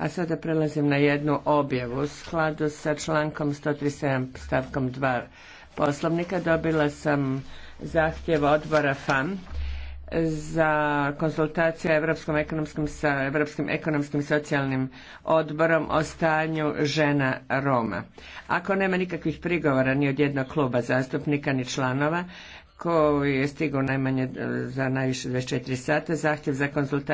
A sada prelazim na jednu objavu. U skladu sa člankom 137 stavkom 2 poslovnika dobila sam zahtjev odbora FAM za konsultacije Evropskom ekonomskom, sa Evropskim ekonomskim socijalnim odborom o stanju žena Roma. Ako nema nikakvih prigovora ni od jednog kluba zastupnika ni članova koji je stigao najmanje za najviše 24 sata, zahtjev za konzultaciju